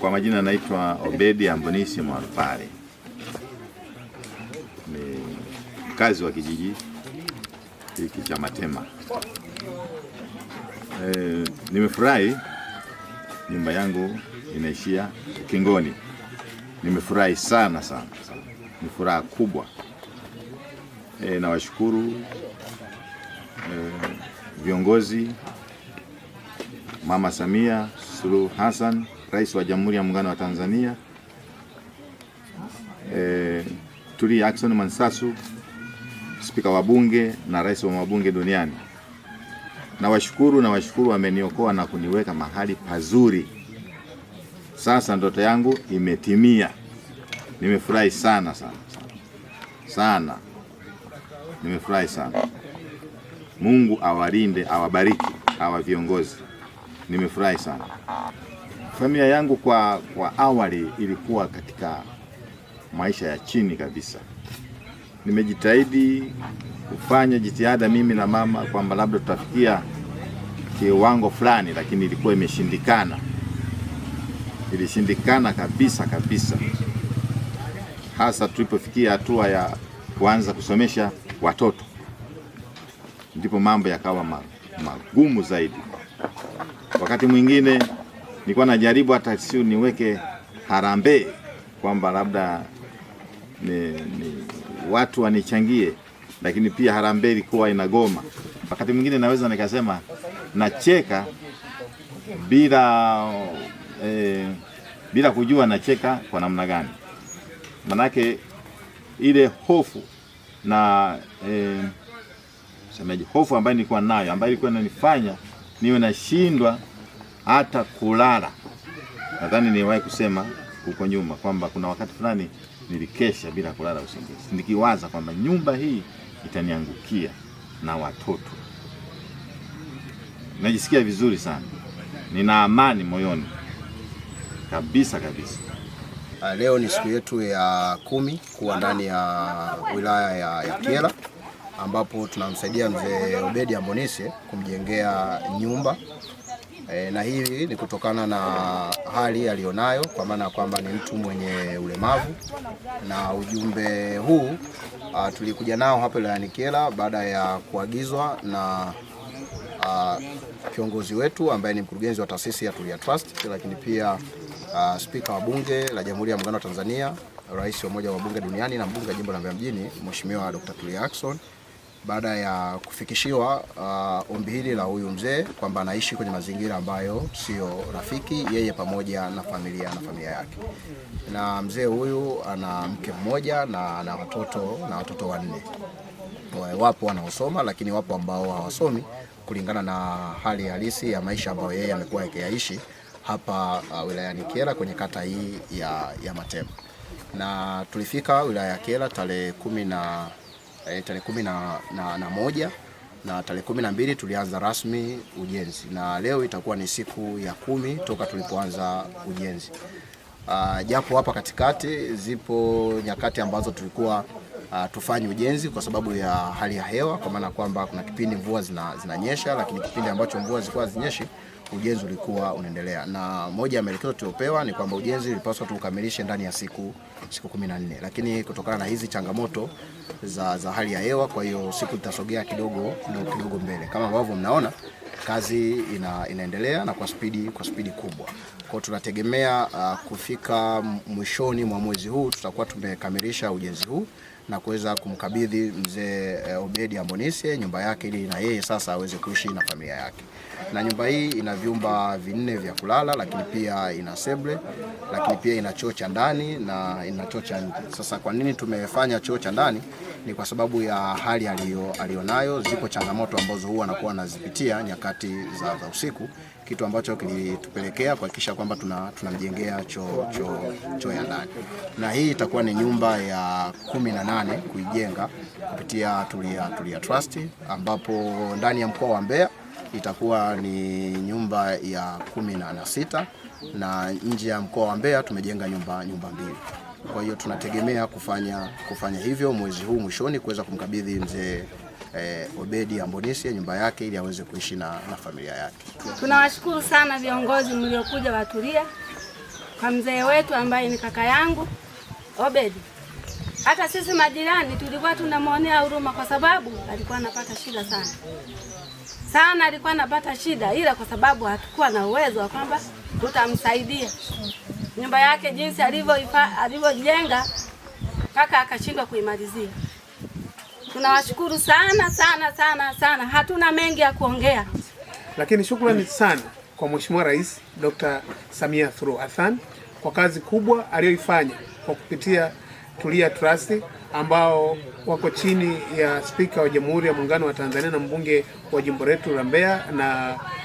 Kwa majina naitwa Obedi Ambonisi Mwarupale, ni mkazi wa kijiji hiki cha Matema. E, nimefurahi nyumba yangu inaishia ukingoni. Nimefurahi sana sana sana, ni furaha kubwa e, nawashukuru e, viongozi Mama Samia Suluhu Hassan Rais wa Jamhuri ya Muungano wa Tanzania e, eh, Tulia Ackson Mansasu, spika wa bunge na rais wa mabunge duniani. Nawashukuru, nawashukuru, wameniokoa na kuniweka mahali pazuri. Sasa ndoto yangu imetimia. Nimefurahi sana sana sana, nimefurahi sana. Mungu awalinde, awabariki hawa viongozi. Nimefurahi sana. Familia yangu kwa, kwa awali ilikuwa katika maisha ya chini kabisa. Nimejitahidi kufanya jitihada mimi na mama kwamba labda tutafikia kiwango fulani, lakini ilikuwa imeshindikana, ilishindikana kabisa kabisa, hasa tulipofikia hatua ya kuanza kusomesha watoto, ndipo mambo yakawa magumu zaidi. Wakati mwingine nilikuwa najaribu hata siu niweke harambee kwamba labda ni, ni, watu wanichangie, lakini pia harambee ilikuwa inagoma. Wakati mwingine naweza nikasema nacheka bila eh, bila kujua nacheka kwa namna gani, manake ile hofu na eh, semeji hofu ambayo nilikuwa nayo ambayo ilikuwa inanifanya niwe nashindwa hata kulala. Nadhani niwahi kusema huko nyuma kwamba kuna wakati fulani nilikesha bila kulala usingizi, nikiwaza kwamba nyumba hii itaniangukia na watoto. Najisikia vizuri sana, nina amani moyoni kabisa kabisa. Ah, leo ni siku yetu ya kumi kuwa ndani ya wilaya ya, ya Kyela ambapo tunamsaidia mzee Obedi Ambonisye kumjengea nyumba e, na hii ni kutokana na hali aliyonayo, kwa maana ya kwamba ni mtu mwenye ulemavu. Na ujumbe huu a, ah, tulikuja nao hapa wilayani Kyela baada ya kuagizwa na a, ah, kiongozi wetu ambaye ni mkurugenzi wa taasisi ya Tulia Trust, lakini pia ah, Spika wa Bunge la Jamhuri ya Muungano wa Tanzania, Rais wa Umoja wa Bunge Duniani na mbunge wa jimbo la Mbeya Mjini, Mheshimiwa Dr. Tulia Ackson baada ya kufikishiwa uh, ombi hili la huyu mzee kwamba anaishi kwenye mazingira ambayo sio rafiki yeye pamoja na familia na familia yake. Na mzee huyu ana mke mmoja na ana watoto na watoto wanne, wapo wanaosoma, lakini wapo ambao hawasomi kulingana na hali halisi ya maisha ambayo yeye amekuwa akiyaishi hapa uh, wilayani Kyela kwenye kata hii ya, ya Matema. Na tulifika wilaya ya Kyela tarehe kumi na e, tarehe kumi na, na, na moja na tarehe kumi na mbili tulianza rasmi ujenzi na leo itakuwa ni siku ya kumi toka tulipoanza ujenzi. Uh, japo hapa katikati zipo nyakati ambazo tulikuwa uh, ah, tufanye ujenzi kwa sababu ya hali ya hewa, kwa maana kwamba kuna kipindi mvua zina, zinanyesha, lakini kipindi ambacho mvua zilikuwa zinyeshi ujenzi ulikuwa unaendelea, na moja ya maelekezo tuliopewa ni kwamba ujenzi ulipaswa tuukamilishe ndani ya siku siku 14, lakini kutokana na hizi changamoto za, za hali ya hewa, kwa hiyo siku itasogea kidogo kidogo mbele. Kama ambavyo mnaona kazi ina, inaendelea na kwa spidi kwa spidi kubwa. Kwa hiyo tunategemea uh, kufika mwishoni mwa mwezi huu tutakuwa tumekamilisha ujenzi huu na kuweza kumkabidhi mzee eh, Obedi Ambonise nyumba yake ili na yeye sasa aweze kuishi na familia yake. Na nyumba hii ina vyumba vinne vya kulala, lakini pia ina sebule, lakini pia ina choo cha ndani na ina choo cha nje. Sasa kwa nini tumefanya choo cha ndani? ni kwa sababu ya hali aliyonayo. Zipo changamoto ambazo huwa anakuwa anazipitia nyakati za, za usiku, kitu ambacho kilitupelekea kuhakikisha kwamba tunamjengea tuna choo cho, cho ya ndani, na hii itakuwa ni nyumba ya kumi na nane kuijenga kupitia Tulia, Tulia Trust ambapo ndani ya mkoa wa Mbeya itakuwa ni nyumba ya kumi na sita na nje ya mkoa wa Mbeya tumejenga nyumba, nyumba mbili. Kwa hiyo tunategemea kufanya, kufanya hivyo mwezi huu mwishoni kuweza kumkabidhi mzee eh, Obedi Ambonisi ya nyumba yake ili aweze kuishi na, na familia yake. Tunawashukuru sana viongozi mliokuja watulia kwa mzee wetu ambaye ni kaka yangu Obedi. Hata sisi majirani tulikuwa tunamwonea huruma kwa sababu alikuwa anapata shida sana sana, alikuwa anapata shida, ila kwa sababu hatukuwa na uwezo wa kwamba tutamsaidia nyumba yake jinsi alivyojenga kaka akashindwa kuimalizia. Tunawashukuru sana sana sana sana, hatuna mengi ya kuongea, lakini shukrani sana kwa Mheshimiwa Rais Dr. Samia Suluhu Hassan kwa kazi kubwa aliyoifanya kwa kupitia Tulia Trust ambao wako chini ya Spika wa Jamhuri ya Muungano wa Tanzania na mbunge wa jimbo letu la Mbeya na